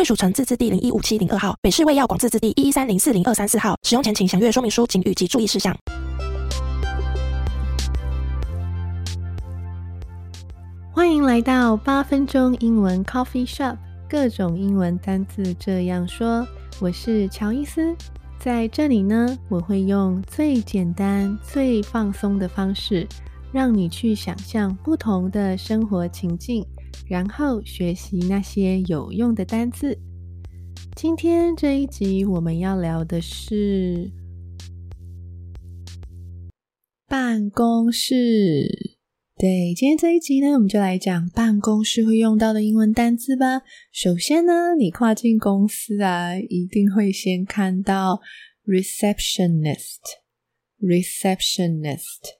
貴屬城自治地零一五七零二號，北市衛藥廣字第一一三零四零二三四號。使用前請詳閱說明書及注意事項。歡迎來到八分鐘英文 Coffee Shop，各種英文單字這樣說。我是喬伊斯，在這裡呢，我會用最簡單、最放鬆的方式，讓你去想象不同的生活情境。然後學習那些有用的單詞。今天這一集我們要聊的是辦公室。對，今天這一集呢，我們就來講辦公室會用到的英文單詞吧。首先呢，你跨進公司啊，一定會先看到 receptionist，receptionist receptionist。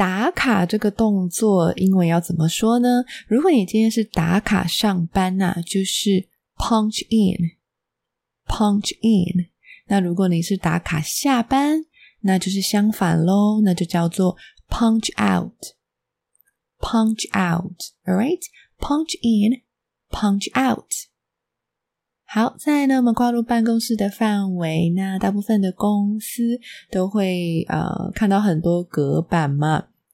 打卡這個動作，英文要怎麼說呢？如果你今天是打卡上班那、啊、就是 punch in，punch in。In. 那如果你是打卡下班，那就是相反嘍，那就叫做 punch out，punch out。alright，punch in，punch out。In, 好，再來呢，我們跨入辦公室的範圍，那大部分的公司都會呃看到很多隔板嘛。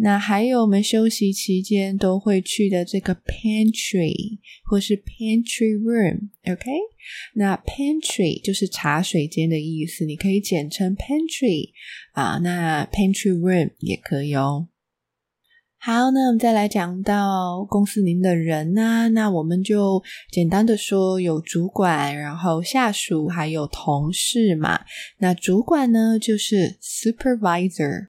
那還有我們休息期間都會去的這個 pantry 或是 pantry room，OK？那 pantry 就是茶水間的意思，你可以簡稱 pantry 啊，那 pantry room 也可以哦。好，那我們再來講到公司裡的人呢，那我們就簡單的說有主管，然後下屬還有同事嘛。那主管呢就是 supervisor。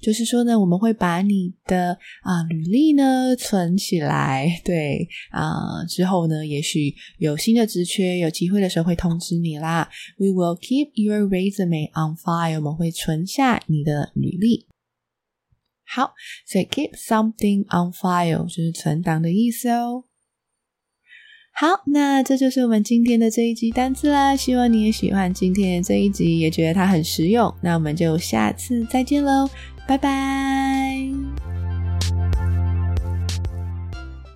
就是說呢，我們會把你的啊、呃、履歷呢存起來，對啊、呃，之後呢也許有新的職缺、有機會的時候會通知你啦。We will keep your resume on file，我們會存下你的履歷。好，所以 keep something on file 就是存檔的意思哦。好，那這就是我們今天的這一集單字啦。希望你也喜歡今天的這一集，也覺得它很實用。那我們就下次再見嘍。拜拜。